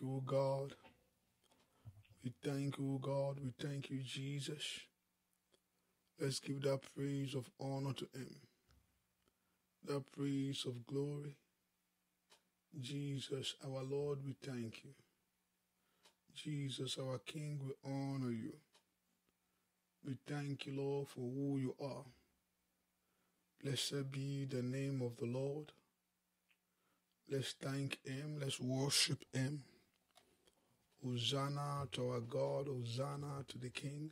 you, O God. We thank you, O God. We thank you, Jesus. Let's give that praise of honor to Him, that praise of glory. Jesus, our Lord, we thank you. Jesus, our King, we honor you. We thank you, Lord, for who you are. Blessed be the name of the Lord. Let's thank Him. Let's worship Him. Hosanna to our God, Hosanna to the King,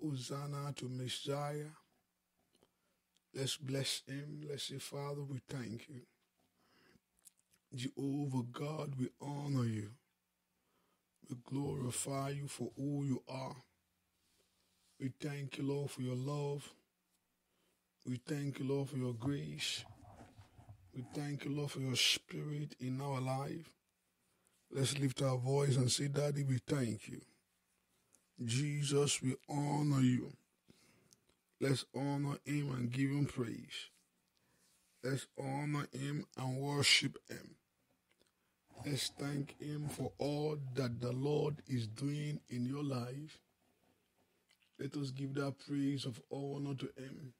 Hosanna to Messiah. Let's bless him. Let's say, Father, we thank you. Jehovah God, we honor you. We glorify you for who you are. We thank you, Lord, for your love. We thank you, Lord, for your grace. We thank you, Lord, for your spirit in our life. Let's lift our voice and say, Daddy, we thank you. Jesus, we honor you. Let's honor him and give him praise. Let's honor him and worship him. Let's thank him for all that the Lord is doing in your life. Let us give that praise of honor to him,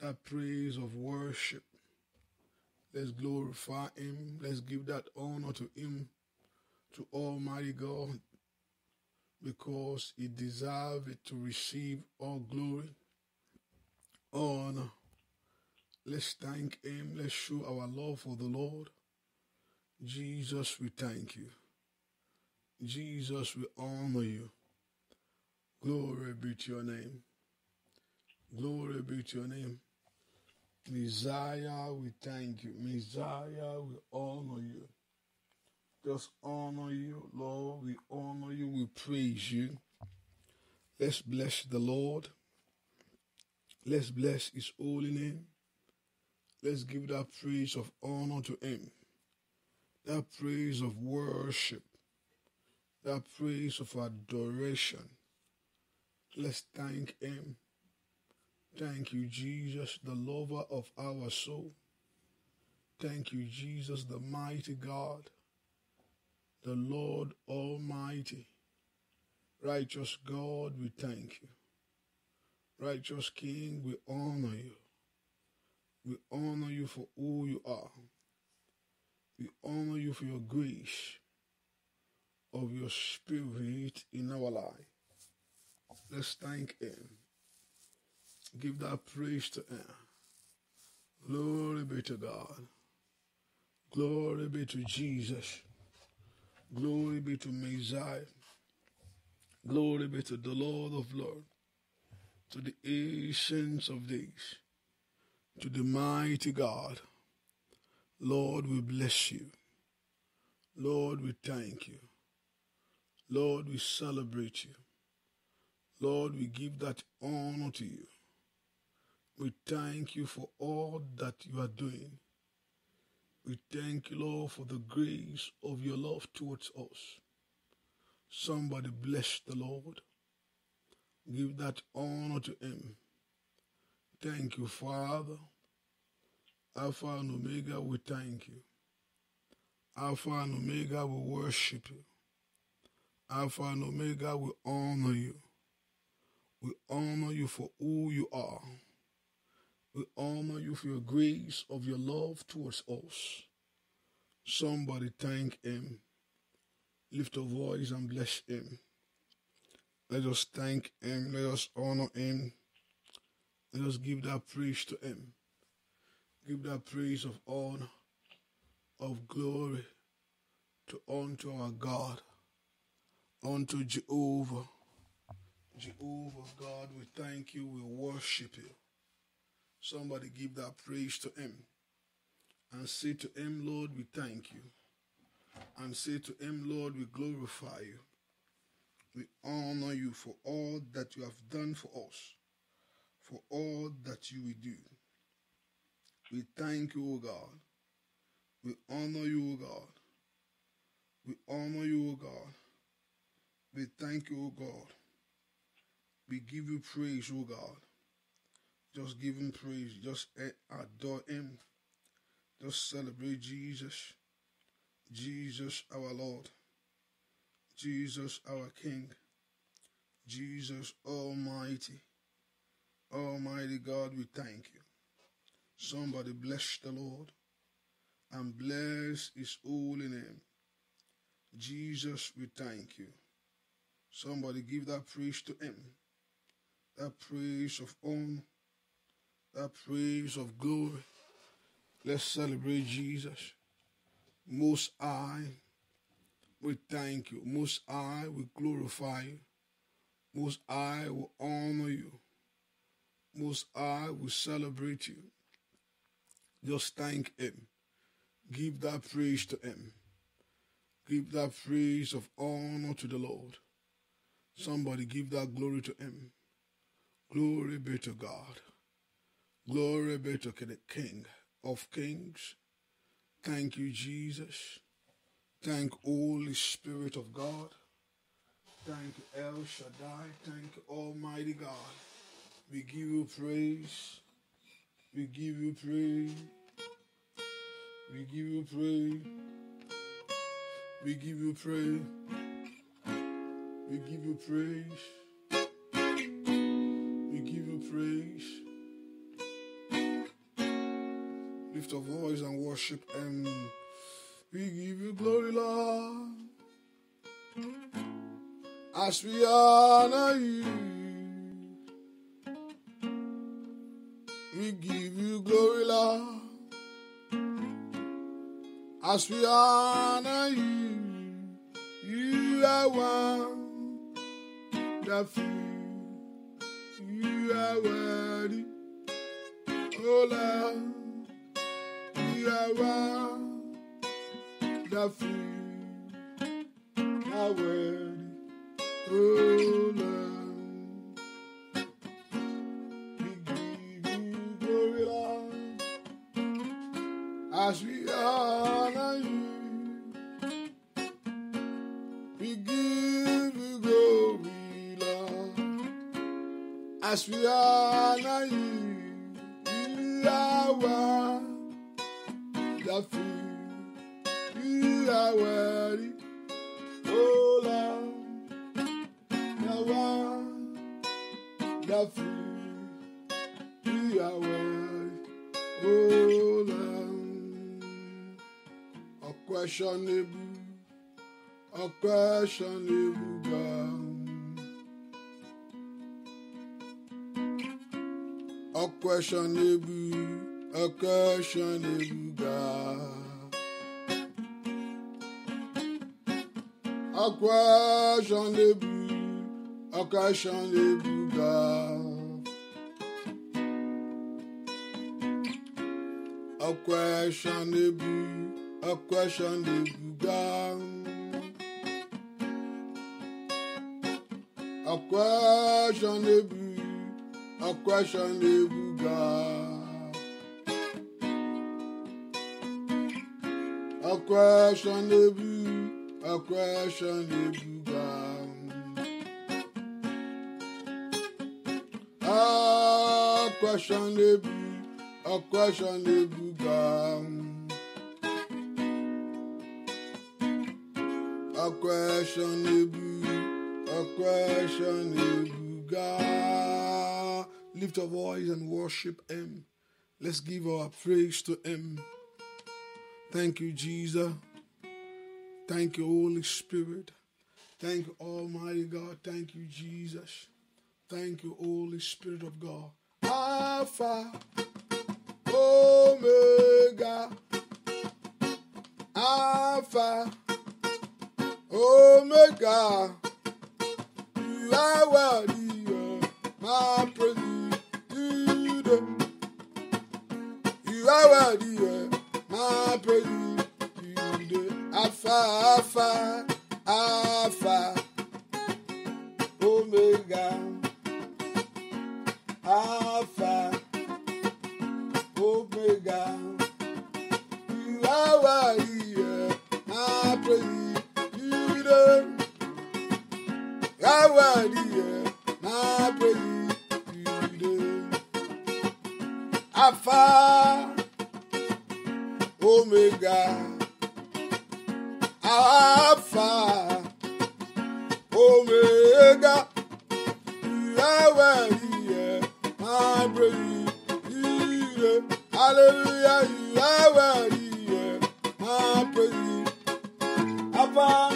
that praise of worship, Let's glorify Him. Let's give that honor to Him, to Almighty God, because He deserves it to receive all glory, honor. Let's thank Him. Let's show our love for the Lord. Jesus, we thank you. Jesus, we honor you. Glory be to your name. Glory be to your name. Messiah, we thank you. Messiah, we honor you. Just honor you, Lord. We honor you. We praise you. Let's bless the Lord. Let's bless his holy name. Let's give that praise of honor to him. That praise of worship. That praise of adoration. Let's thank him Thank you, Jesus, the lover of our soul. Thank you, Jesus, the mighty God, the Lord Almighty. Righteous God, we thank you. Righteous King, we honor you. We honor you for who you are. We honor you for your grace of your spirit in our life. Let's thank Him. Give that praise to Him. Glory be to God. Glory be to Jesus. Glory be to Messiah. Glory be to the Lord of Lords, to the Ancients of Days, to the mighty God. Lord, we bless you. Lord, we thank you. Lord, we celebrate you. Lord, we give that honor to you. We thank you for all that you are doing. We thank you, Lord, for the grace of your love towards us. Somebody bless the Lord. Give that honor to him. Thank you, Father. Alpha and Omega, we thank you. Alpha and Omega, we worship you. Alpha and Omega, we honor you. We honor you for who you are. We honor you for your grace of your love towards us. Somebody thank him. Lift your voice and bless him. Let us thank him. Let us honor him. Let us give that praise to him. Give that praise of honor, of glory to unto our God, unto Jehovah. Jehovah God, we thank you, we worship you. Somebody give that praise to Him and say to Him, Lord, we thank you. And say to Him, Lord, we glorify you. We honor you for all that you have done for us, for all that you will do. We thank you, O God. We honor you, O God. We honor you, O God. We thank you, O God. We give you praise, O God. Just give him praise. Just eh, adore him. Just celebrate Jesus. Jesus our Lord. Jesus our King. Jesus Almighty. Almighty God, we thank you. Somebody bless the Lord and bless his holy name. Jesus, we thank you. Somebody give that praise to him. That praise of honor a praise of glory. Let's celebrate Jesus. Most High, we thank you. Most High, we glorify you. Most High, we honor you. Most High, we celebrate you. Just thank Him. Give that praise to Him. Give that praise of honor to the Lord. Somebody give that glory to Him. Glory be to God. Glory be to the King of Kings. Thank you, Jesus. Thank Holy Spirit of God. Thank El Shaddai. Thank Almighty God. We give you praise. We give you praise. We give you praise. We give you praise. We give you praise. We give you praise. lift up voice and worship Him. We give you glory, Lord, as we honor you. We give you glory, Lord, as we honor you. You are one that few. You are worthy, oh Lord yàrá dàfí àwẹ̀rì ọ̀la. As we honor you, we give you glory, As we honor questionable, unquestionable God. Unquestionable, unquestionable God. Unquestionable, unquestionable God. unquestionable, a ai de À A j'en ai bouga A quoi de ai A À quoi j'en A question de quoi A ai de À quoi j'en de unquestionable, unquestionable God. Lift your voice and worship Him. Let's give our praise to Him. Thank you, Jesus. Thank you, Holy Spirit. Thank you, Almighty God. Thank you, Jesus. Thank you, Holy Spirit of God. Alpha, Omega, Alpha. Omega, you are worthy my praise. You are worthy my praise. Alpha, Alpha, Alpha, Omega, Alpha, Omega. You are worthy. Alpha, Omega, Alpha, Omega, Hallelujah, you are worthy, my praise. Alpha.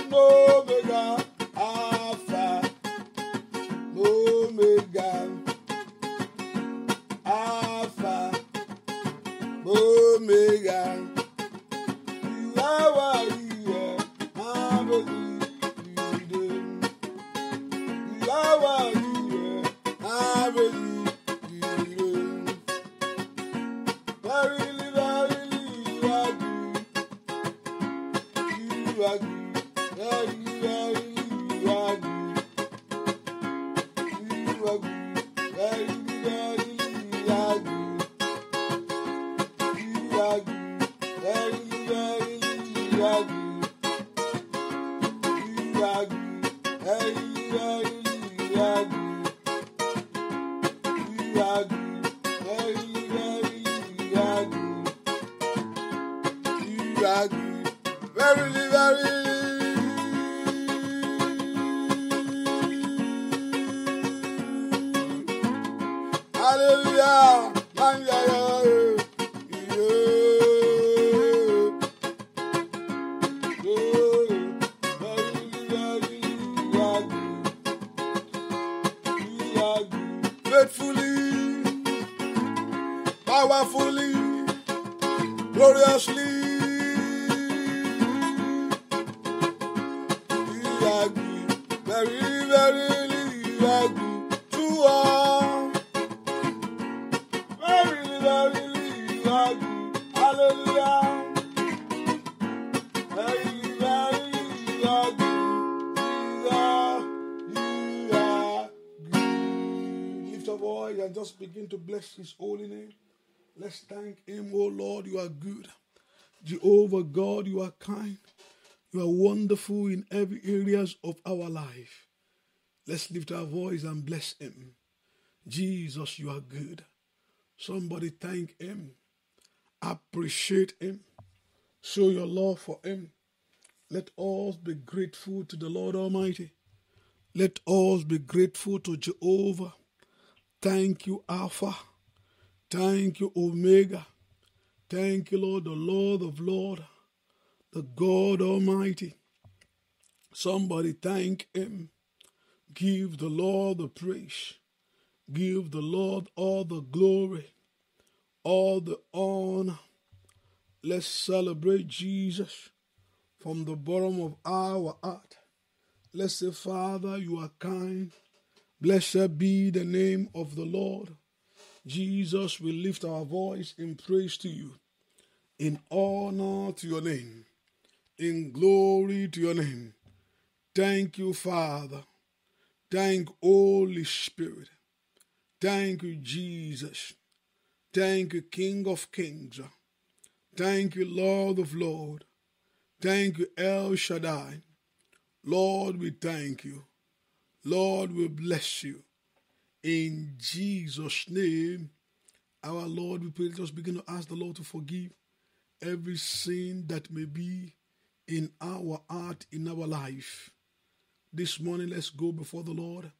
agbe very verily to all. Verily verily you agbe hallelujah. Verily verily you are good. Lift up voice and just begin to bless His holy name. Let's thank Him, O oh Lord, you are good. Jehovah God, you are kind. You are wonderful in every areas of our life. Let's lift our voice and bless him. Jesus, you are good. Somebody thank him. Appreciate him. Show your love for him. Let us be grateful to the Lord Almighty. Let us be grateful to Jehovah. Thank you, Alpha. Thank you, Omega. Thank you, Lord, the Lord of Lords the God Almighty. Somebody thank Him. Give the Lord the praise. Give the Lord all the glory, all the honor. Let's celebrate Jesus from the bottom of our heart. Let's say, Father, you are kind. Blessed be the name of the Lord. Jesus, we lift our voice in praise to you, in honor to your name in glory to your name. Thank you, Father. Thank Holy Spirit. Thank you, Jesus. Thank you, King of Kings. Thank you, Lord of Lords. Thank you, El Shaddai. Lord, we thank you. Lord, we bless you. In Jesus' name, our Lord, we pray. Just begin to ask the Lord to forgive every sin that may be in our heart, in our life. This morning, let's go before the Lord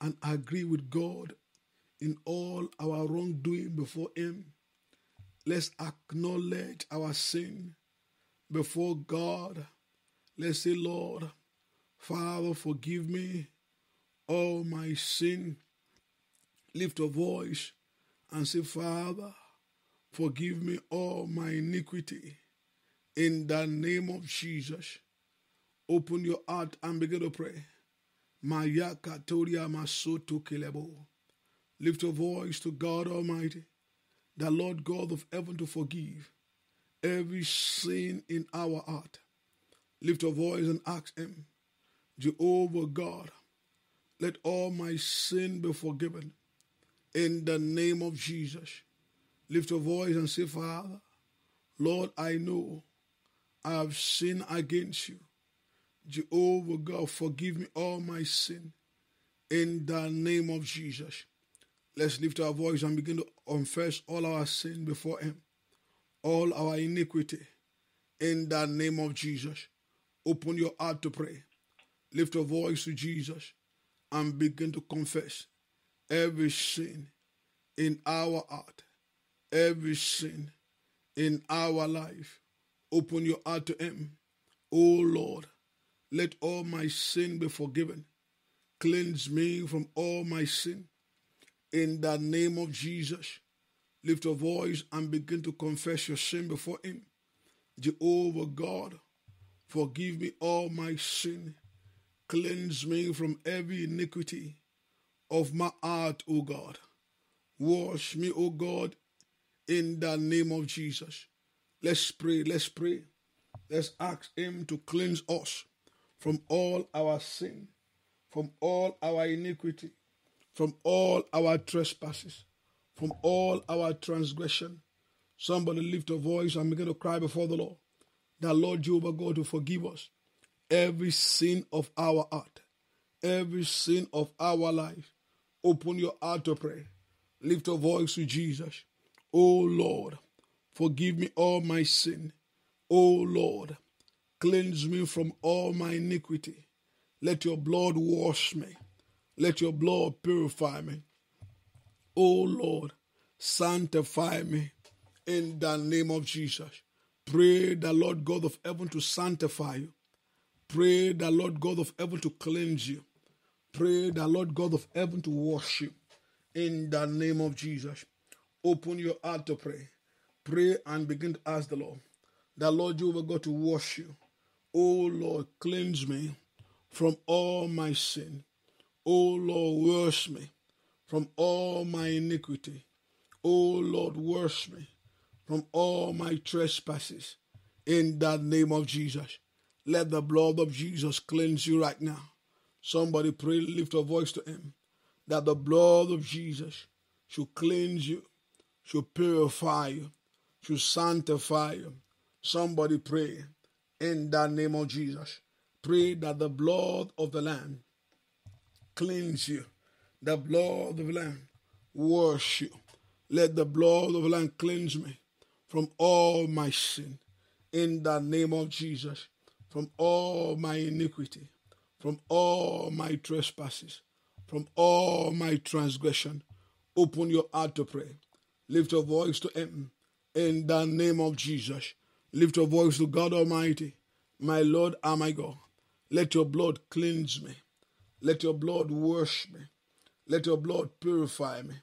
and agree with God in all our wrongdoing before Him. Let's acknowledge our sin before God. Let's say, Lord, Father, forgive me all my sin. Lift a voice and say, Father, forgive me all my iniquity. In the name of Jesus, open your heart and begin to pray. Maya Katoria Masoto Kilebo. Lift your voice to God Almighty, the Lord God of heaven, to forgive every sin in our heart. Lift your voice and ask Him, Jehovah God, let all my sin be forgiven. In the name of Jesus, lift your voice and say, Father, Lord, I know I have sinned against you. Jehovah God, forgive me all my sin. In the name of Jesus. Let's lift our voice and begin to confess all our sin before Him, all our iniquity. In the name of Jesus. Open your heart to pray. Lift your voice to Jesus and begin to confess every sin in our heart, every sin in our life Open your heart to Him. O Lord, let all my sin be forgiven. Cleanse me from all my sin. In the name of Jesus, lift your voice and begin to confess your sin before Him. Jehovah God, forgive me all my sin. Cleanse me from every iniquity of my heart, O God. Wash me, O God, in the name of Jesus. Let's pray. Let's pray. Let's ask Him to cleanse us from all our sin, from all our iniquity, from all our trespasses, from all our transgression. Somebody lift a voice and begin to cry before the Lord. That Lord Jehovah God to forgive us every sin of our heart, every sin of our life. Open your heart to pray. Lift a voice to Jesus. Oh Lord, Forgive me all my sin. O Lord, cleanse me from all my iniquity. Let your blood wash me. Let your blood purify me. O Lord, sanctify me in the name of Jesus. Pray the Lord God of heaven to sanctify you. Pray the Lord God of heaven to cleanse you. Pray the Lord God of heaven to wash you in the name of Jesus. Open your heart to pray. Pray and begin to ask the Lord that, Lord, you will go to wash you. Oh, Lord, cleanse me from all my sin. Oh, Lord, wash me from all my iniquity. Oh, Lord, wash me from all my trespasses. In the name of Jesus, let the blood of Jesus cleanse you right now. Somebody pray, lift a voice to Him that the blood of Jesus should cleanse you, should purify you, to sanctify you. Somebody pray in the name of Jesus. Pray that the blood of the Lamb cleanse you. The blood of the Lamb wash you. Let the blood of the Lamb cleanse me from all my sin. In the name of Jesus, from all my iniquity, from all my trespasses, from all my transgression. Open your heart to pray. Lift your voice to Him in the name of Jesus. Lift your voice to God Almighty, my Lord and my God. Let your blood cleanse me. Let your blood wash me. Let your blood purify me.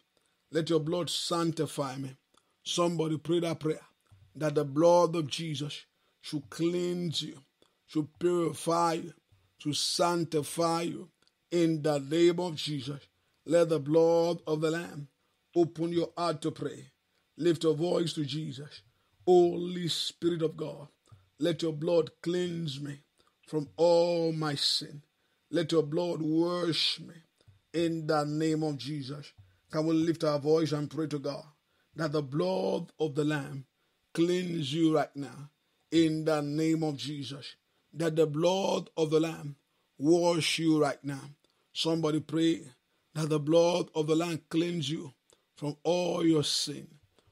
Let your blood sanctify me. Somebody pray that prayer that the blood of Jesus should cleanse you, should purify you, should sanctify you. In the name of Jesus, let the blood of the Lamb open your heart to pray. Lift your voice to Jesus. Holy Spirit of God, let your blood cleanse me from all my sin. Let your blood wash me in the name of Jesus. Can we lift our voice and pray to God that the blood of the Lamb cleanse you right now in the name of Jesus? That the blood of the Lamb wash you right now. Somebody pray that the blood of the Lamb cleanse you from all your sin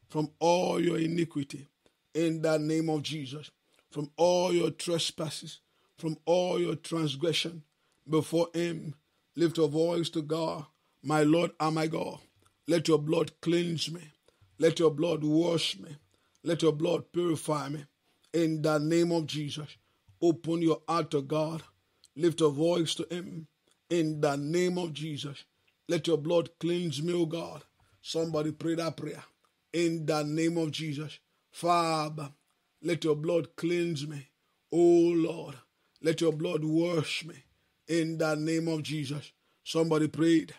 from all your iniquity in the name of Jesus, from all your trespasses, from all your transgression before Him. Lift your voice to God, my Lord and my God. Let your blood cleanse me. Let your blood wash me. Let your blood purify me. In the name of Jesus, open your heart to God. Lift your voice to Him. In the name of Jesus, let your blood cleanse me, O God. Somebody pray that prayer in the name of Jesus. Father, let your blood cleanse me. Oh Lord, let your blood wash me in the name of Jesus. Somebody prayed.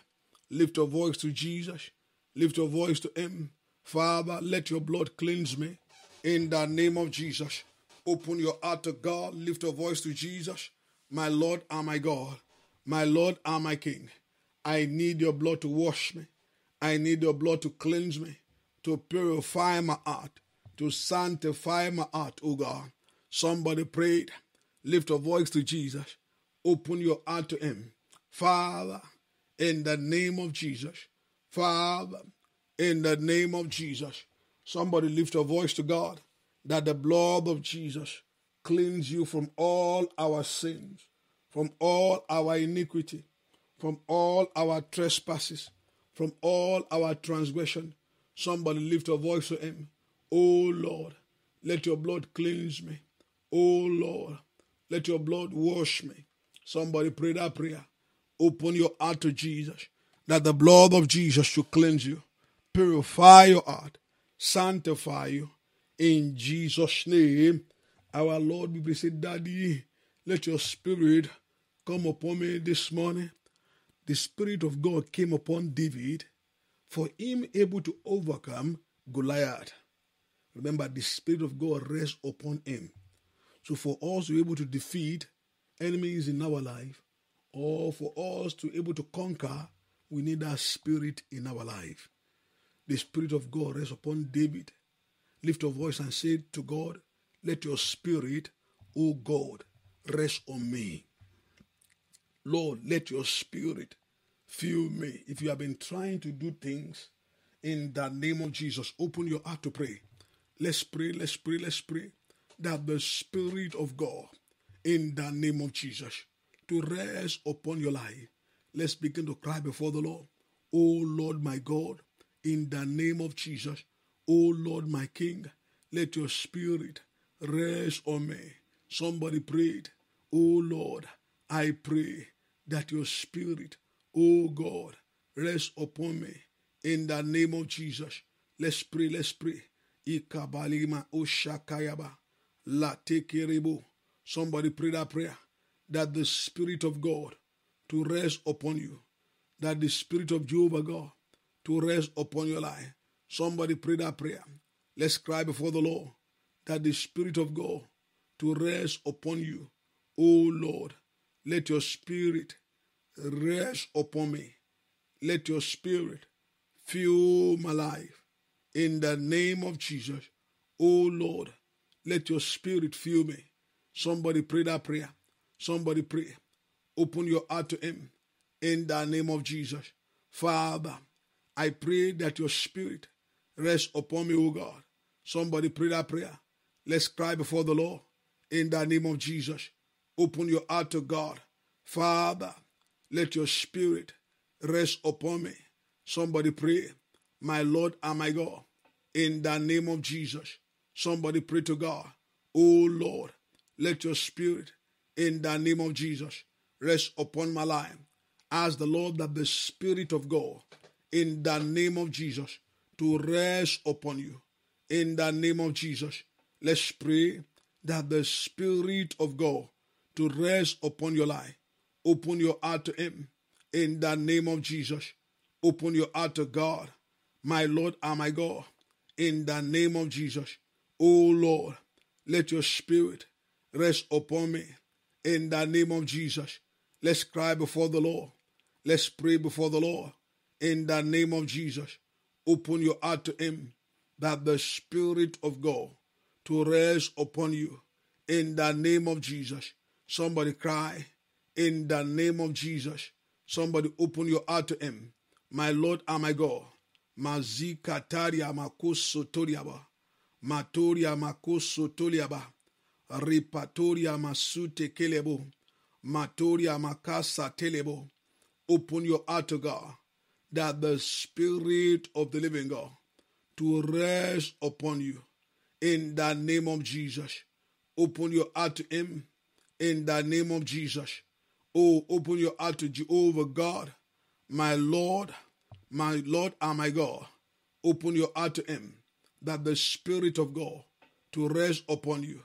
Lift your voice to Jesus. Lift your voice to Him. Father, let your blood cleanse me in the name of Jesus. Open your heart to God. Lift your voice to Jesus. My Lord and my God. My Lord and my King. I need your blood to wash me. I need your blood to cleanse me to purify my heart, to sanctify my heart, O oh God. Somebody prayed, lift a voice to Jesus, open your heart to Him. Father, in the name of Jesus, Father, in the name of Jesus, somebody lift a voice to God that the blood of Jesus cleanse you from all our sins, from all our iniquity, from all our trespasses, from all our transgression. Somebody lift a voice to him. Oh Lord, let your blood cleanse me. Oh Lord, let your blood wash me. Somebody pray that prayer. Open your heart to Jesus, that the blood of Jesus should cleanse you, purify your heart, sanctify you. In Jesus' name, our Lord, we say, Daddy, let your spirit come upon me this morning. The Spirit of God came upon David for him able to overcome Goliath. Remember, the Spirit of God rests upon him. So, for us to be able to defeat enemies in our life, or for us to be able to conquer, we need that Spirit in our life. The Spirit of God rests upon David. Lift your voice and say to God, Let your Spirit, O God, rest on me. Lord, let your Spirit Feel me. If you have been trying to do things in the name of Jesus, open your heart to pray. Let's pray, let's pray, let's pray that the Spirit of God, in the name of Jesus, to rest upon your life. Let's begin to cry before the Lord. Oh Lord, my God, in the name of Jesus, oh Lord, my King, let your Spirit rest on me. Somebody prayed, Oh Lord, I pray that your Spirit Oh God, rest upon me in the name of Jesus. Let's pray, let's pray. Oshakayaba. Somebody pray that prayer that the Spirit of God to rest upon you, that the Spirit of Jehovah God to rest upon your life. Somebody pray that prayer. Let's cry before the Lord that the Spirit of God to rest upon you. Oh Lord, let your Spirit rest upon me. Let your spirit fuel my life. In the name of Jesus, oh Lord, let your spirit fuel me. Somebody pray that prayer. Somebody pray. Open your heart to him. In the name of Jesus. Father, I pray that your spirit rest upon me, O God. Somebody pray that prayer. Let's cry before the Lord. In the name of Jesus. Open your heart to God. Father, let your spirit rest upon me. Somebody pray, my Lord and my God, in the name of Jesus. Somebody pray to God, oh Lord, let your spirit in the name of Jesus rest upon my life. Ask the Lord that the spirit of God in the name of Jesus to rest upon you. In the name of Jesus, let's pray that the spirit of God to rest upon your life Open your heart to Him in the name of Jesus. Open your heart to God, my Lord and my God, in the name of Jesus. Oh Lord, let your spirit rest upon me in the name of Jesus. Let's cry before the Lord. Let's pray before the Lord in the name of Jesus. Open your heart to Him that the Spirit of God to rest upon you in the name of Jesus. Somebody cry in the name of Jesus. Somebody open your heart to him. My Lord and my God. Mazikataria makosotoriaba. Matoria makosotoriaba. Repatoria masute kelebo. Matoria makasa telebo. Open your heart to God that the Spirit of the living God to rest upon you in the name of Jesus. Open your heart to Him in the name of Jesus. Oh, open your heart to Jehovah God, my Lord, my Lord and my God. Open your heart to Him, that the Spirit of God to rest upon you.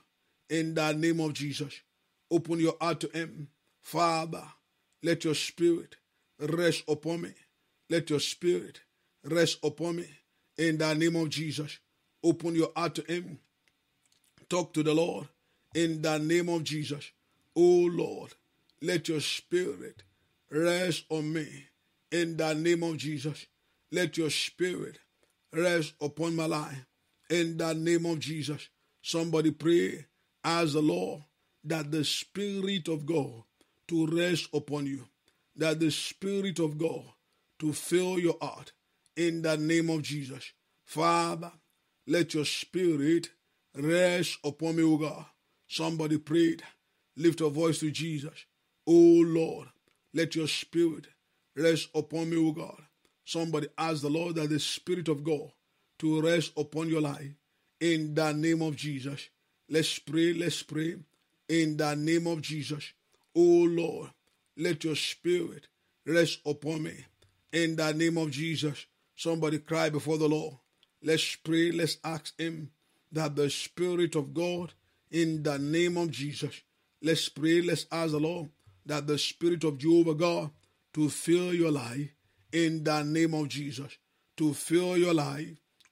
In the name of Jesus, open your heart to Him, Father. Let your Spirit rest upon me. Let your Spirit rest upon me. In the name of Jesus, open your heart to Him. Talk to the Lord. In the name of Jesus, oh Lord. Let your spirit rest on me in the name of Jesus. Let your spirit rest upon my life in the name of Jesus. Somebody pray, as the Lord that the Spirit of God to rest upon you, that the Spirit of God to fill your heart in the name of Jesus. Father, let your Spirit rest upon me, O God. Somebody prayed, lift your voice to Jesus. Oh Lord, let your spirit rest upon me, O God. Somebody ask the Lord that the Spirit of God to rest upon your life in the name of Jesus. Let's pray, let's pray in the name of Jesus. Oh Lord, let your spirit rest upon me in the name of Jesus. Somebody cry before the Lord. Let's pray, let's ask Him that the Spirit of God in the name of Jesus. Let's pray, let's ask the Lord that the Spirit of Jehovah God to fill your life in the name of Jesus. To fill your life,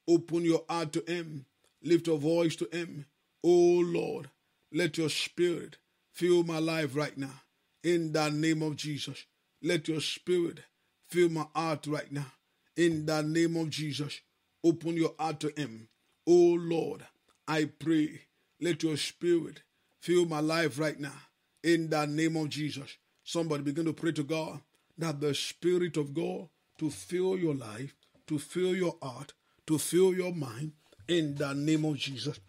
open your heart to Him, lift your voice to Him. Oh Lord, let your Spirit fill my life right now in the name of Jesus. Let your Spirit fill my heart right now in the name of Jesus. Open your heart to Him. Oh Lord, I pray, let your Spirit fill my life right now in the name of Jesus. Somebody begin to pray to God that the Spirit of God to fill your life, to fill your heart, to fill your mind in the name of Jesus.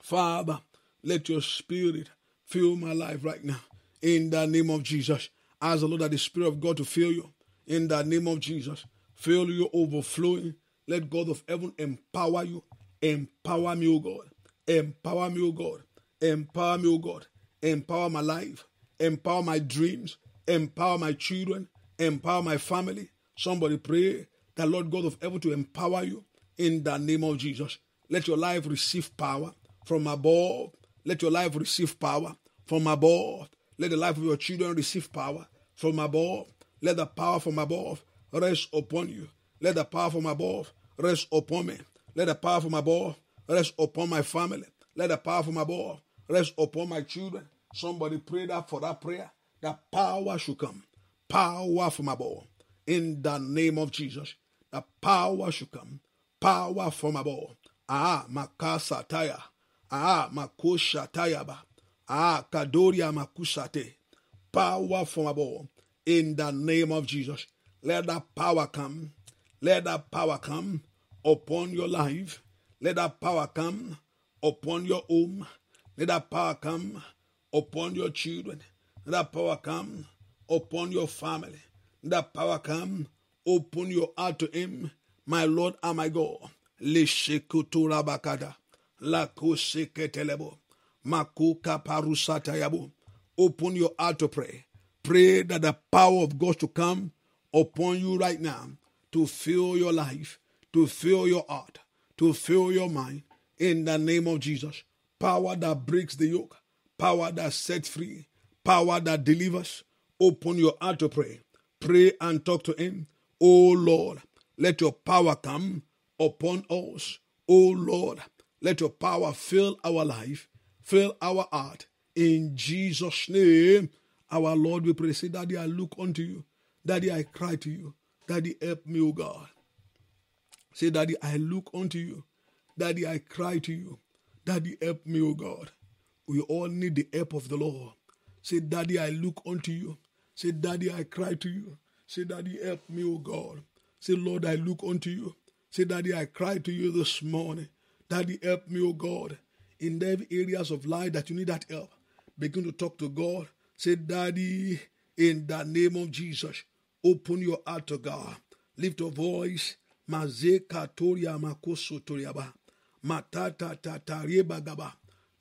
Father, let your Spirit fill my life right now in the name of Jesus. Ask the Lord that the Spirit of God to fill you in the name of Jesus. Fill you overflowing. Let God of heaven empower you. Empower me, O God. Empower me, O God. Empower me, O God. Empower my life, empower my dreams, empower my children, empower my family. Somebody pray that Lord God of heaven to empower you in the name of Jesus. Let your life receive power from above. Let your life receive power from above. Let the life of your children receive power from above. Let the power from above rest upon you. Let the power from above rest upon me. Let the power from above rest upon my family. Let the power from above rest upon my children. Somebody pray that for that prayer. That power should come. Power from above. In the name of Jesus. That power should come. Power from above. Ah, makasa taya. Ah, makosha tayaba. Ah, kadoria makusate. Power from above. In the name of Jesus. Let that power come. Let that power come upon your life. Let that power come upon your home. Let that power come upon your children. That power come upon your family. That power come. Open your heart to Him, my Lord and my God. Lishikutura Makuka parusatayabu. Open your heart to pray. Pray that the power of God to come upon you right now to fill your life, to fill your heart, to fill your mind in the name of Jesus. Power that breaks the yoke, power that sets free, power that delivers. Open your heart to pray. Pray and talk to Him. Oh Lord, let your power come upon us. Oh Lord, let your power fill our life, fill our heart. In Jesus' name, our Lord, we pray. Say, Daddy, I look unto you. Daddy, I cry to you. Daddy, help me, O God. Say, Daddy, I look unto you. Daddy, I cry to you. Daddy, help me, O God. We all need the help of the Lord. Say, Daddy, I look unto you. Say, Daddy, I cry to you. Say, Daddy, help me, O God. Say, Lord, I look unto you. Say, Daddy, I cry to you this morning. Daddy, help me, O God. In the areas of life that you need that help, begin to talk to God. Say, Daddy, in the name of Jesus, open your heart to God. Lift your voice. Mazeka toria makoso toriaba. Matata tatareba gaba.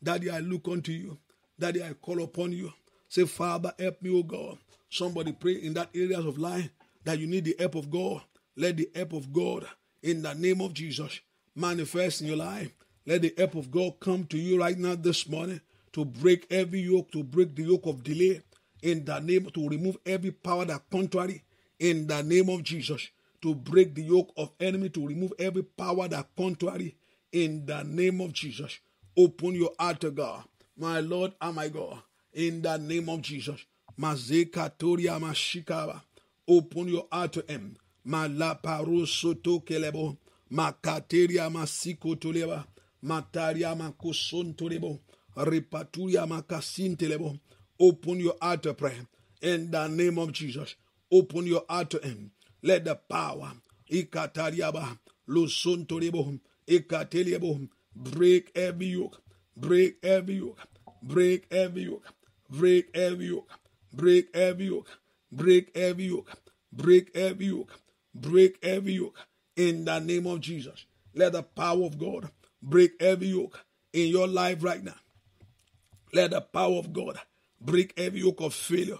Daddy, I look unto you. Daddy, I call upon you. Say, Father, help me, O God. Somebody pray in that areas of life that you need the help of God. Let the help of God in the name of Jesus manifest in your life. Let the help of God come to you right now this morning to break every yoke, to break the yoke of delay in the name, to remove every power that contrary in the name of Jesus, to break the yoke of enemy, to remove every power that contrary in the name of Jesus. Open your heart to God, my Lord and my God, in the name of Jesus. Mazekatoria mashikaba. Open your heart to Him. Malaparo soto kelebo. Makateria masiko toleba. Mataria makoson tolebo. Repaturia makasin telebo. Open your heart to prayer. In the name of Jesus, open your heart to Him. Let the power, Ikatariaba, Lusun tolebo, Ikatelebo, Break every yoke. Break every yoke. Break every yoke. Break every yoke. Break every yoke. Break every yoke. Break every yoke. Break every yoke. In the name of Jesus. Let the power of God break every yoke in your life right now. Let the power of God break every yoke of failure,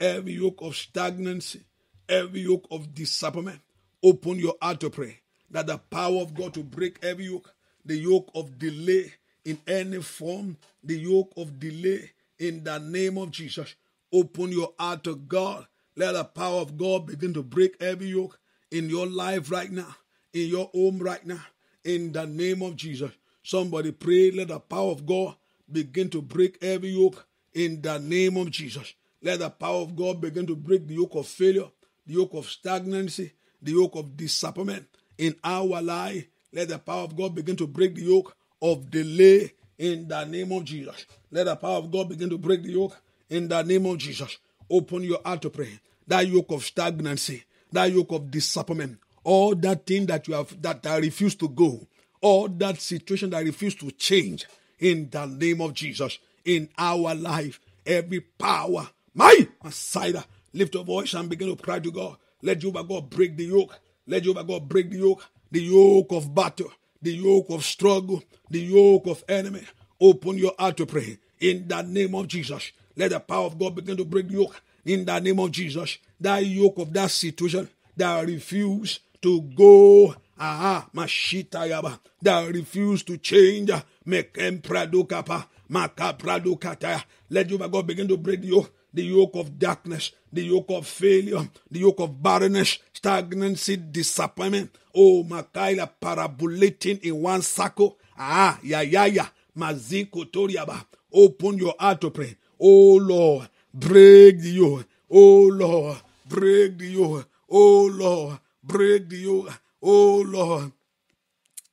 every yoke of stagnancy, every yoke of disappointment. Open your heart to pray that the power of God to break every yoke the yoke of delay in any form, the yoke of delay in the name of Jesus. Open your heart to God. Let the power of God begin to break every yoke in your life right now, in your home right now, in the name of Jesus. Somebody pray, let the power of God begin to break every yoke in the name of Jesus. Let the power of God begin to break the yoke of failure, the yoke of stagnancy, the yoke of disappointment in our life let the power of God begin to break the yoke of delay in the name of Jesus. Let the power of God begin to break the yoke in the name of Jesus. Open your heart to pray. That yoke of stagnancy, that yoke of disappointment, all that thing that you have that, that refused to go, all that situation that refused to change in the name of Jesus. In our life, every power, my Messiah, lift your voice and begin to cry to God. Let Jehovah God break the yoke. Let Jehovah God break the yoke the yoke of battle, the yoke of struggle, the yoke of enemy. Open your heart to pray in the name of Jesus. Let the power of God begin to break yoke in the name of Jesus. That yoke of that situation that refuse to go aha mashita yaba that refuse to change mekem pradokapa maka pradokata. Let you, my God, begin to break the yoke the yoke of darkness, the yoke of failure, the yoke of barrenness, stagnancy, disappointment. Oh, Makaila parabulating in one circle. Ah, ya ya ya. Maziko toriaba. Open your heart to pray. Oh Lord, break the yoke. Oh Lord, break the yoke. Oh Lord, break the yoke. Oh Lord.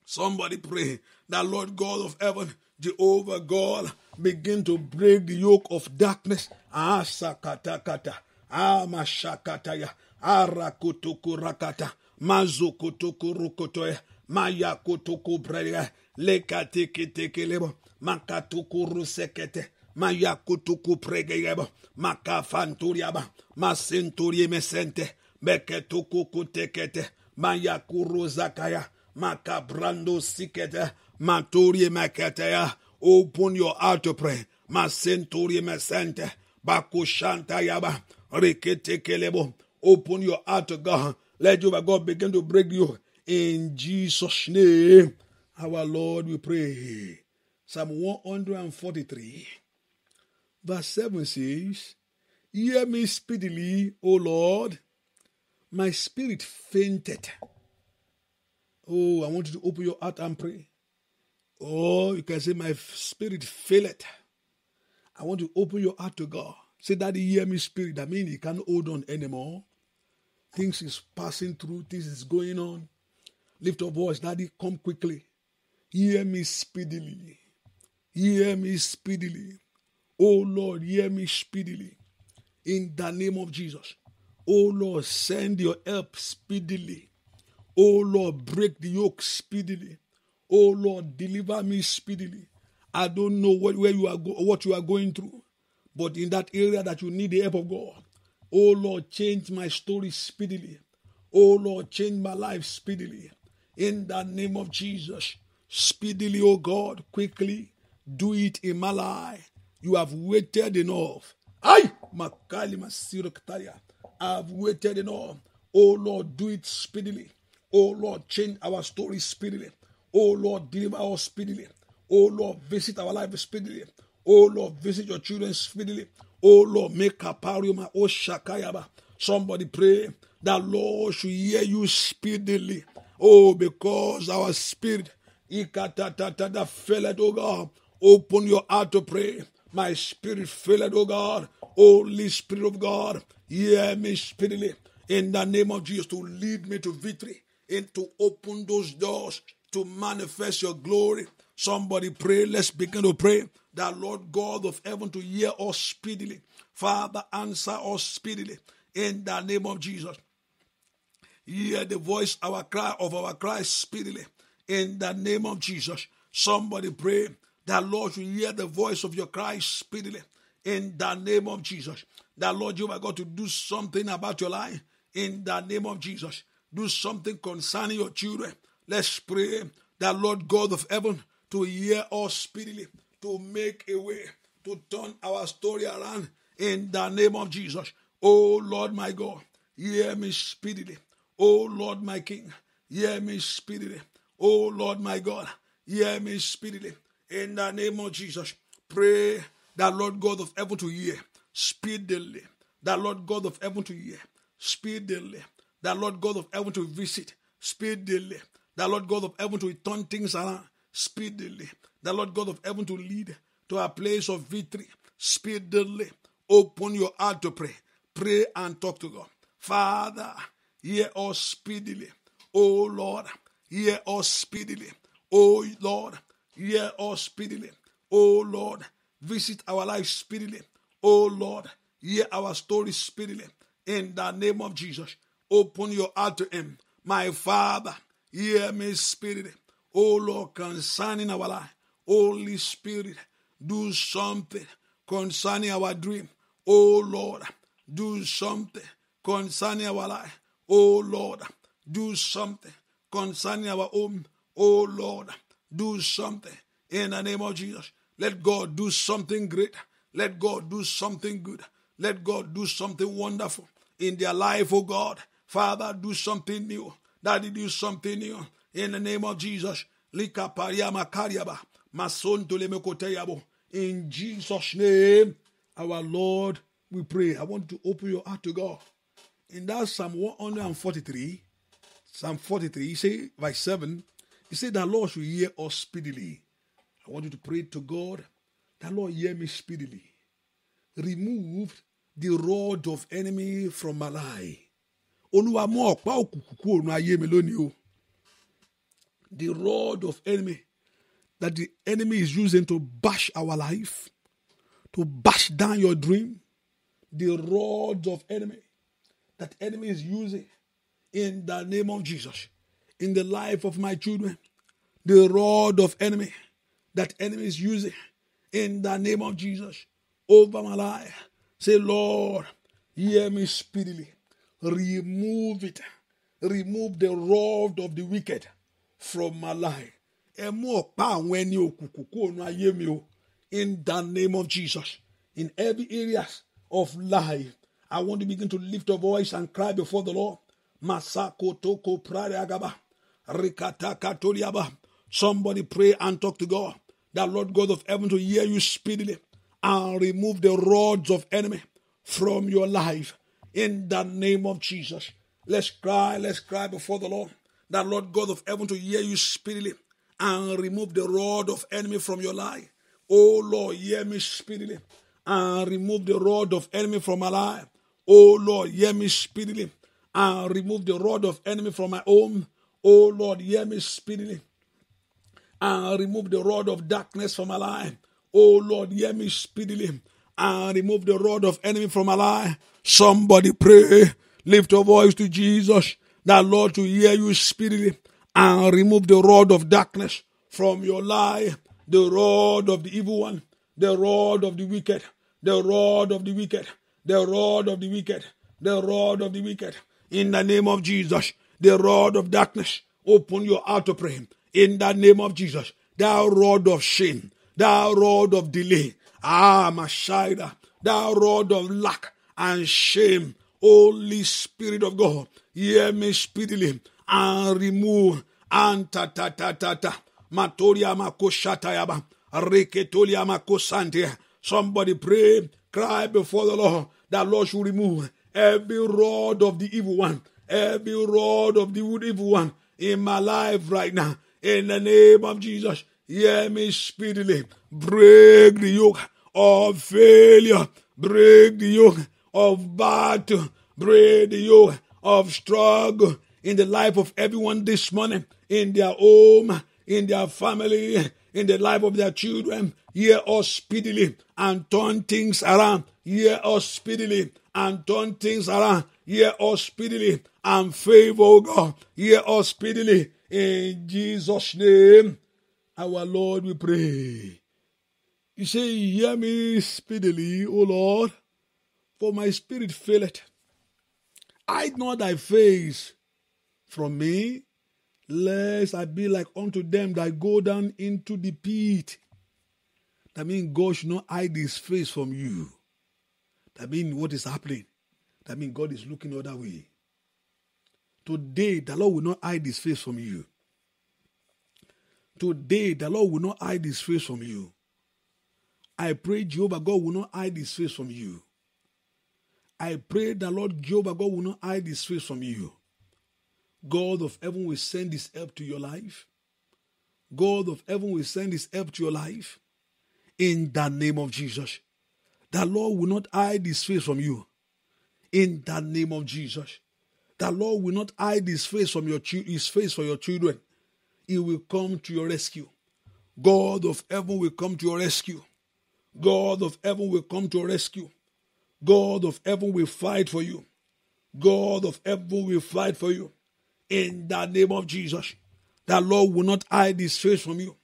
Somebody pray that Lord God of heaven, Jehovah God, begin to break the yoke of darkness. Asakatakata, amashakataya, arakutukurakata, mazukutukurukotoya, mayakutukubreya, lekateketekelebo, makatukurusekete, mayakutukupregeyebo, makafanturiaba, masenturiemesente, beketukukutekete, mayakuruzakaya, makabrando sikete, maturie meketeya, Open your heart to pray. Masenturi mesente. Bakushanta yaba. Riketekelebo. kelebo. Open your heart to God. Let Jehovah God begin to break you. In Jesus' name, our Lord, we pray. Psalm 143, verse 7 says, Hear me speedily, O Lord. My spirit fainted. Oh, I want you to open your heart and pray. Oh, you can say, My spirit it. I want to open your heart to God. Say, Daddy, hear me, spirit. I mean, you can't hold on anymore. Things is passing through, things is going on. Lift up voice, Daddy, come quickly. Hear me speedily. Hear me speedily. Oh Lord, hear me speedily. In the name of Jesus. Oh Lord, send your help speedily. Oh Lord, break the yoke speedily. Oh Lord, deliver me speedily. I don't know what, where you are go, what you are going through, but in that area that you need the help of God. Oh Lord, change my story speedily. Oh Lord, change my life speedily. In the name of Jesus, speedily, oh God, quickly do it in my life. You have waited enough. I, Makali Masiroktaria, I've waited enough. Oh Lord, do it speedily. Oh Lord, change our story speedily. Oh Lord, deliver us speedily. Oh Lord, visit our life speedily. Oh Lord, visit your children speedily. Oh Lord, make kapariuma. Oh shakayaba. Somebody pray that Lord should hear you speedily. Oh, because our spirit, ikatatatata, failed, oh God. Open your heart to pray. My spirit failed, oh God. Holy Spirit of God, hear me speedily. In the name of Jesus, to lead me to victory and to open those doors to manifest your glory. Somebody pray. Let's begin to pray that Lord God of heaven to hear us speedily. Father, answer us speedily in the name of Jesus. Hear the voice our cry of our cry speedily in the name of Jesus. Somebody pray that Lord you hear the voice of your cry speedily in the name of Jesus. That Lord you are going to do something about your life in the name of Jesus. Do something concerning your children Let's pray that Lord God of heaven to hear us speedily, to make a way, to turn our story around in the name of Jesus. Oh Lord my God, hear me speedily. Oh Lord my King, hear me speedily. Oh Lord my God, hear me speedily. In the name of Jesus, pray that Lord God of heaven to hear speedily. That Lord God of heaven to hear speedily. That Lord God of heaven to visit speedily the Lord God of heaven to turn things around speedily. The Lord God of heaven to lead to a place of victory speedily. Open your heart to pray. Pray and talk to God. Father, hear us speedily. Oh Lord, hear us speedily. Oh Lord, hear us speedily. Oh Lord, visit our life speedily. Oh Lord, hear our story speedily. In the name of Jesus, open your heart to Him. My Father, Hear me, Spirit. O Lord, concerning our life. Holy Spirit, do something concerning our dream. O Lord, do something concerning our life. O Lord, do something concerning our home. O Lord, do something in the name of Jesus. Let God do something great. Let God do something good. Let God do something wonderful in their life, O God. Father, do something new. Daddy, do something new. In the name of Jesus. Lika to In Jesus' name, our Lord, we pray. I want to open your heart to God. In that Psalm 143, Psalm 43, he say, verse 7, he said, The Lord should hear us speedily. I want you to pray to God, The Lord hear me speedily. Remove the rod of enemy from my life olúwa mú ọ̀pá òkùnkùn ayé mi lónìí o the rod of enemy that the enemy is using to bash our life to bash down your dream the rod of enemy that enemy is using in the name of Jesus in the life of my children the rod of enemy that enemy is using in the name of Jesus over my life. Say, Lord, hear me speedily. Remove it. Remove the rod of the wicked from my life. Ẹ mú ayé In the name of Jesus. In every area of life. I want to begin to lift a voice and cry before the Lord. Masako toko prare agaba. Rikata katoliaba. Somebody pray and talk to God. That Lord God of heaven to hear you speedily and remove the rods of enemy from your life in the name of Jesus. Let's cry, let's cry before the Lord. That Lord God of heaven to hear you speedily and remove the rod of enemy from your life. Oh Lord, hear me speedily and remove the rod of enemy from my life. Oh Lord, hear me speedily and remove the rod of enemy from my home. Oh Lord, hear me speedily and remove the rod of darkness from my life. Oh Lord, hear me speedily and remove the rod of enemy from my life. Somebody pray. Lift your voice to Jesus. That Lord to hear you speedily and remove the rod of darkness from your life, the rod of the evil one, the rod of the wicked, the rod of the wicked, the rod of the wicked, the rod of the wicked. In the name of Jesus, the rod of darkness, open your heart to pray. In the name of Jesus, thou rod of shame, thou rod of delay, ah, Messiah, thou rod of lack, and shame. Holy Spirit of God, hear me speedily and remove and ta ta ta ta ta reketolia makosante. Somebody pray, cry before the Lord that Lord should remove every rod of the evil one, every rod of the evil one in my life right now. In the name of Jesus, hear me speedily. Break the yoke of failure. Break the yoke of bad bread, you yoke of struggle in the life of everyone this morning, in their home, in their family, in the life of their children. Hear us speedily and turn things around. Hear us speedily and turn things around. Hear us speedily and favor, God. Hear us speedily. In Jesus' name, our Lord, we pray. You say, Hear me speedily, O Lord for my spirit faileth. Hide not thy face from me, lest I be like unto them that go down into the pit. That means God should not hide his face from you. That means what is happening. That means God is looking other way. Today, the Lord will not hide his face from you. Today, the Lord will not hide his face from you. I pray Jehovah God will not hide his face from you. I pray that Lord Jehovah God will not hide his face from you. God of heaven will send his help to your life. God of heaven will send his help to your life in the name of Jesus. The Lord will not hide his face from you in the name of Jesus. The Lord will not hide his face from your his face for your children. He will come to your rescue. God of heaven will come to your rescue. God of heaven will come to your rescue. God of heaven will fight for you. God of heaven will fight for you. In the name of Jesus. The Lord will not hide his face from you.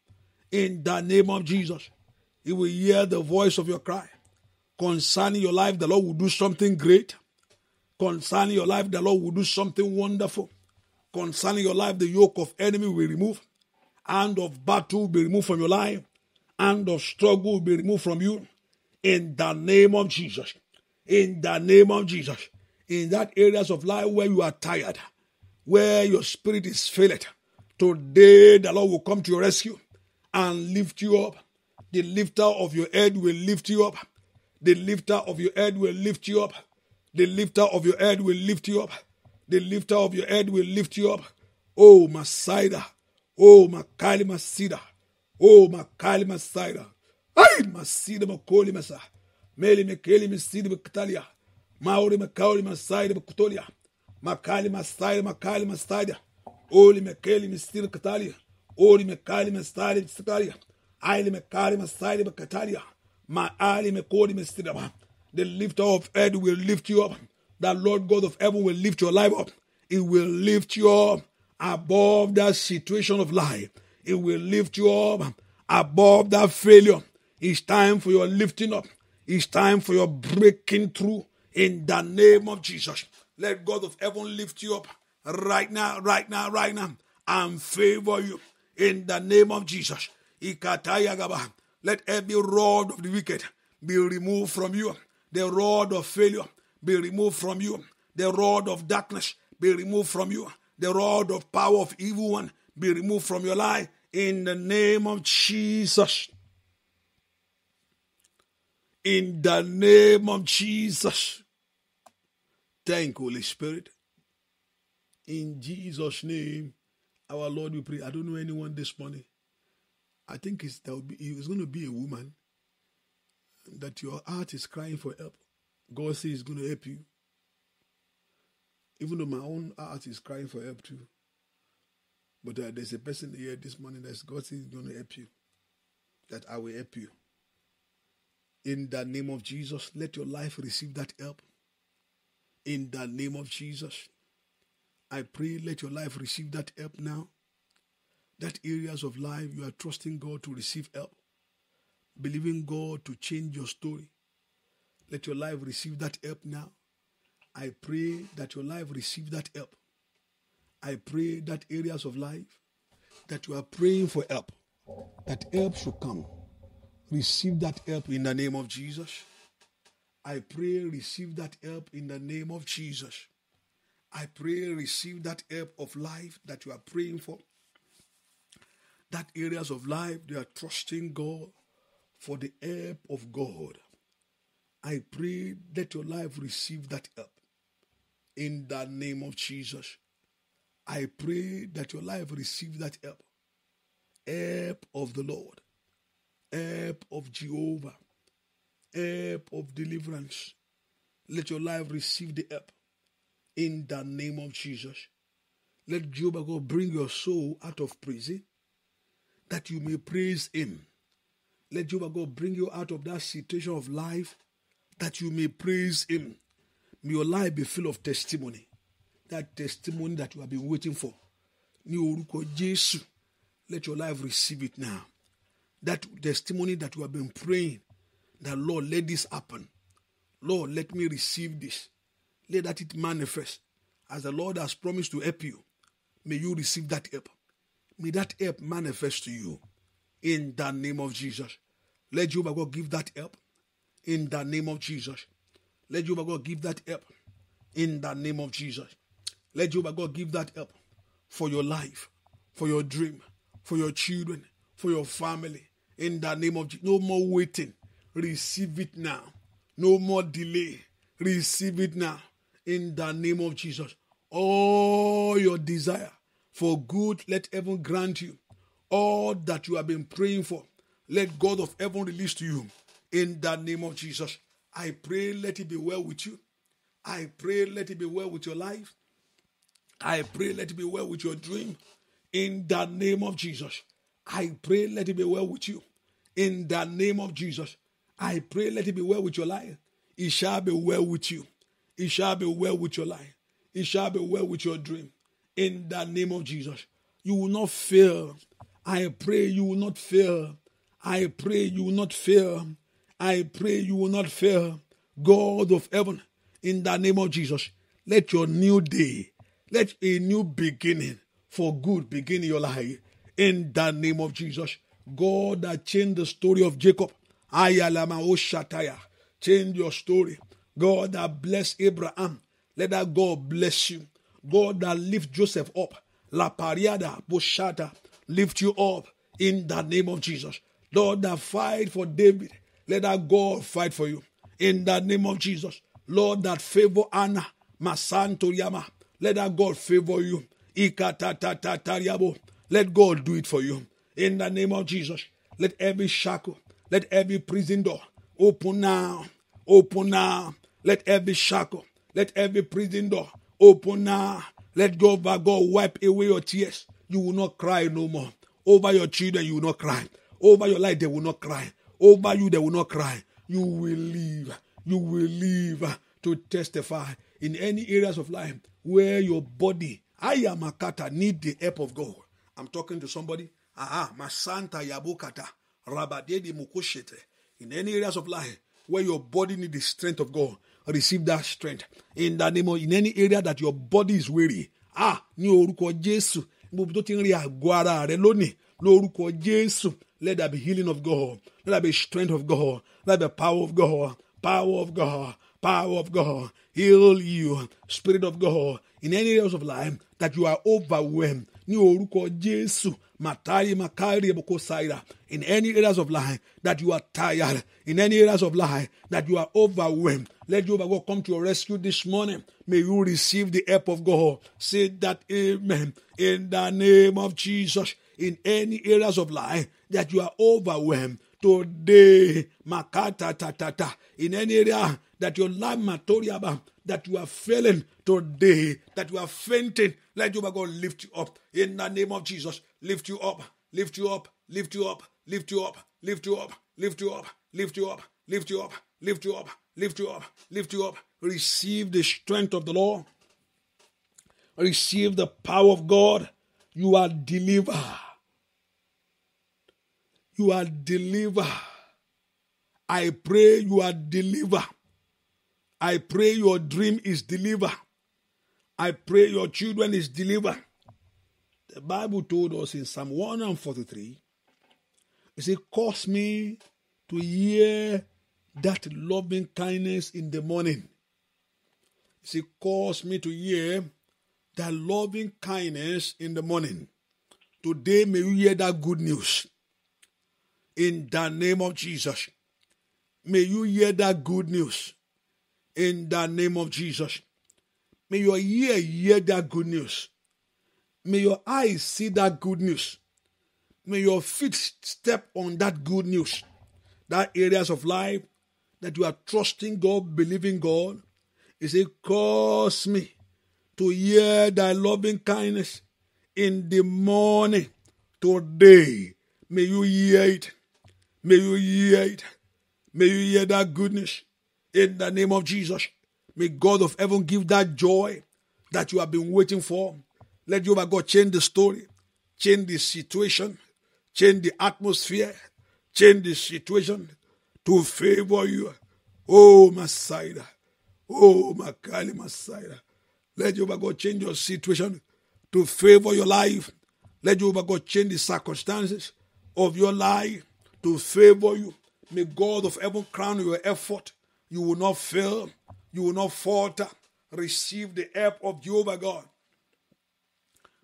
In the name of Jesus. He will hear the voice of your cry. Concerning your life, the Lord will do something great. Concerning your life, the Lord will do something wonderful. Concerning your life, the yoke of enemy will remove. and of battle will be removed from your life. and of struggle will be removed from you. In the name of Jesus in the name of Jesus. In that areas of life where you are tired, where your spirit is failed, today the Lord will come to your rescue and lift you up. The lifter of your head will lift you up. The lifter of your head will lift you up. The lifter of your head will lift you up. The lifter of your head will lift you up. Oh, Masaida. Oh, Makali Masida. Oh, Makali Masida, Ay, Masida Makoli Masah. meli mekeli mesidi bektalia maori mekaori masaidi bektolia makali masaidi makali masaida oli mekeli mesidi bektalia oli mekali masaidi bektalia aili mekali masaidi bektalia maali mekori mesidi ba the lifter of head will lift you up that lord god of heaven will lift your life up it will lift you up above that situation of life it will lift you up above that failure it's time for your lifting up It's time for your breaking through in the name of Jesus. Let God of heaven lift you up right now, right now, right now, and favor you in the name of Jesus. Let every rod of the wicked be removed from you. The rod of failure be removed from you. The rod of darkness be removed from you. The rod of power of evil one be removed from your life in the name of Jesus. In the name of Jesus. Thank Holy Spirit. In Jesus' name, our Lord, we pray. I don't know anyone this morning. I think it's there will be it's going to be a woman that your heart is crying for help. God says He's going to help you. Even though my own heart is crying for help too. But uh, there's a person here this morning that God says He's going to help you. That I will help you. In the name of Jesus, let your life receive that help. In the name of Jesus, I pray let your life receive that help now. That areas of life you are trusting God to receive help, believing God to change your story. Let your life receive that help now. I pray that your life receive that help. I pray that areas of life that you are praying for help, that help should come Receive that help in the name of Jesus. I pray, receive that help in the name of Jesus. I pray, receive that help of life that you are praying for. That areas of life they are trusting God for the help of God. I pray that your life receive that help in the name of Jesus. I pray that your life receive that help. Help of the Lord help of Jehovah, help of deliverance. Let your life receive the help in the name of Jesus. Let Jehovah God bring your soul out of prison that you may praise Him. Let Jehovah God bring you out of that situation of life that you may praise Him. May your life be full of testimony. That testimony that you have been waiting for. Ní orúkọ let your life receive it now that testimony that you have been praying that Lord, let this happen. Lord, let me receive this. Let that it manifest. As the Lord has promised to help you, may you receive that help. May that help manifest to you in the name of Jesus. Let Jehovah God give that help in the name of Jesus. Let Jehovah God give that help in the name of Jesus. Let Jehovah God give that help for your life, for your dream, for your children, for your family, in the name of Jesus. No more waiting. Receive it now. No more delay. Receive it now. In the name of Jesus. All your desire for good, let heaven grant you. All that you have been praying for, let God of heaven release to you. In the name of Jesus. I pray, let it be well with you. I pray, let it be well with your life. I pray, let it be well with your dream. In the name of Jesus. I pray, let it be well with you. In the name of Jesus, I pray let it be well with your life. It shall be well with you. It shall be well with your life. It shall be well with your dream. In the name of Jesus, you will not fail. I pray you will not fail. I pray you will not fail. I pray you will not fail. God of heaven, in the name of Jesus, let your new day, let a new beginning for good begin in your life. In the name of Jesus. God that changed the story of Jacob. Ayalamao Change your story. God that blessed Abraham. Let that God bless you. God that lift Joseph up. La pariada boshata. Lift you up in the name of Jesus. Lord that fight for David. Let that God fight for you. In the name of Jesus. Lord that favor Anna. Masanto Yama. Let that God favor you. Let God do it for you. In the name of Jesus, let every shackle, let every prison door open now, open now. Let every shackle, let every prison door open now. Let go of God, wipe away your tears. You will not cry no more. Over your children, you will not cry. Over your life, they will not cry. Over you, they will not cry. You will live. You will live to testify in any areas of life where your body, I am a cutter, need the help of God. I'm talking to somebody Aha, Masanta Yabukata, Rabadedi Mukushete. In any areas of life where your body need the strength of God, receive that strength. In that name, in any area that your body is weary. Ah, ní orúkọ Jésù, níbo tó ti ń rí àgọ́ ara rẹ lónìí, lórúkọ Jésù. Let there be healing of God. Let there be strength of God. Let there be power of God. Power of God. Power of God. Heal you. Spirit of God. In any areas of life that you are overwhelmed, ní orúkọ Jésù matari makari eboko saira in any areas of life that you are tired in any areas of life that you are overwhelmed let Jehovah God come to your rescue this morning may you receive the help of God say that amen in the name of Jesus in any areas of life that you are overwhelmed today makata tatata in any area that your life matori about that you are failing today, that you are fainting, let Jehovah God lift you up. In the name of Jesus, lift you up, lift you up, lift you up, lift you up, lift you up, lift you up, lift you up, lift you up, lift you up, lift you up, lift you up. Receive the strength of the Lord. Receive the power of God. You are deliver. You are deliver. I pray you are deliver. I pray your dream is delivered. I pray your children is delivered. The Bible told us in Psalm 143, it said, Cause me to hear that loving kindness in the morning. It said, Cause me to hear that loving kindness in the morning. Today may you hear that good news. In the name of Jesus. May you hear that good news in the name of Jesus. May your ear hear that good news. May your eyes see that good news. May your feet step on that good news. That areas of life that you are trusting God, believing God. is it Cause me to hear thy loving kindness in the morning. Today, may you hear it. May you hear it. May you hear that goodness. In the name of Jesus, may God of heaven give that joy that you have been waiting for. Let Jehovah God change the story, change the situation, change the atmosphere, change the situation to favor you. Oh, Messiah. Oh, Makali Messiah. Let Jehovah God change your situation to favor your life. Let Jehovah God change the circumstances of your life to favor you. May God of heaven crown your effort you will not fail. You will not falter. Receive the help of Jehovah God.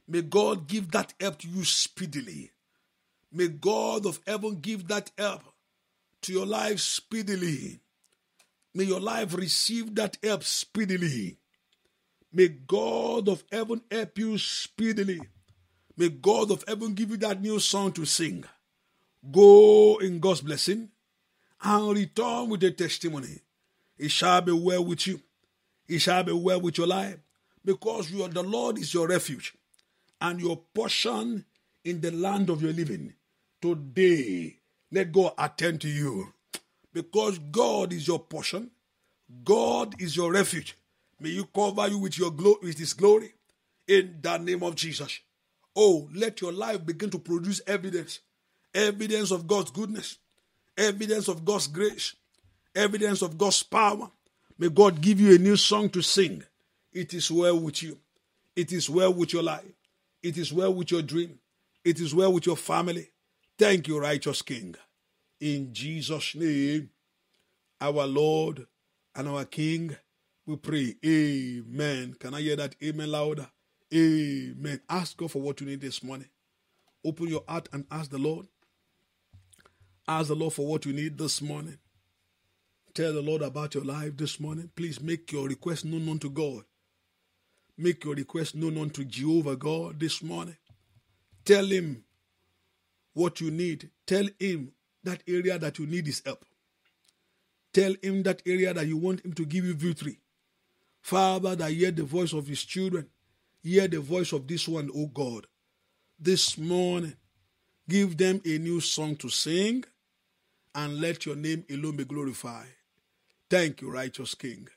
May God give that help to you speedily. May God of heaven give that help to your life speedily. May your life receive that help speedily. May God of heaven help you speedily. May God of heaven give you that new song to sing. Go in God's blessing and return with a testimony. It shall be well with you. It shall be well with your life because you are, the Lord is your refuge and your portion in the land of your living. Today, let God attend to you because God is your portion. God is your refuge. May you cover you with your with his glory in the name of Jesus. Oh, let your life begin to produce evidence. Evidence of God's goodness. Evidence of God's grace evidence of God's power. May God give you a new song to sing. It is well with you. It is well with your life. It is well with your dream. It is well with your family. Thank you, righteous King. In Jesus' name, our Lord and our King, we pray. Amen. Can I hear that? Amen louder. Amen. Ask God for what you need this morning. Open your heart and ask the Lord. Ask the Lord for what you need this morning tell the Lord about your life this morning, please make your request known unto God. Make your request known unto Jehovah God this morning. Tell Him what you need. Tell Him that area that you need His help. Tell Him that area that you want Him to give you victory. Father, that hear the voice of His children. Hear the voice of this one, O God. This morning, give them a new song to sing and let your name alone be glorified. Thank you, righteous King.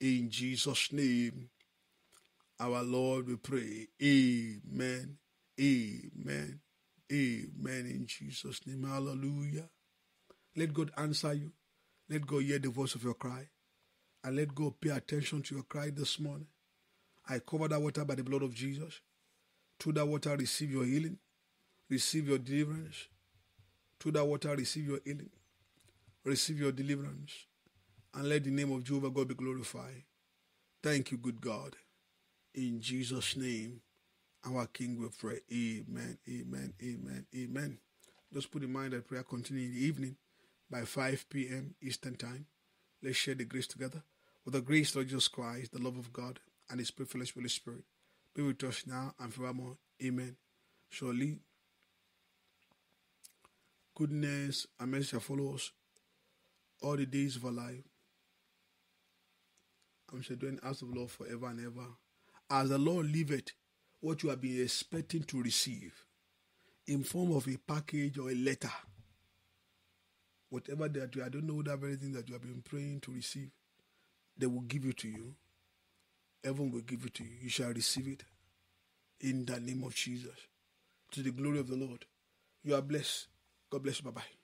In Jesus' name, our Lord, we pray. Amen. Amen. Amen. In Jesus' name. Hallelujah. Let God answer you. Let God hear the voice of your cry. And let God pay attention to your cry this morning. I cover that water by the blood of Jesus. Through that water, receive your healing. Receive your deliverance. Through that water, receive your healing. Receive your deliverance and let the name of Jehovah God be glorified. Thank you, good God. In Jesus' name, our King will pray. Amen, amen, amen, amen. Just put in mind that prayer continues in the evening by 5 p.m. Eastern Time. Let's share the grace together. With the grace of Jesus Christ, the love of God, and His privilege, Holy Spirit, be with us now and forevermore. Amen. Surely, goodness and mercy shall follow us all the days of our life I'm doing as of the Lord forever and ever. As the Lord liveth, what you have been expecting to receive in form of a package or a letter. Whatever that you, I don't know that very thing that you have been praying to receive, they will give it to you. Heaven will give it to you. You shall receive it in the name of Jesus. To the glory of the Lord. You are blessed. God bless you. Bye bye.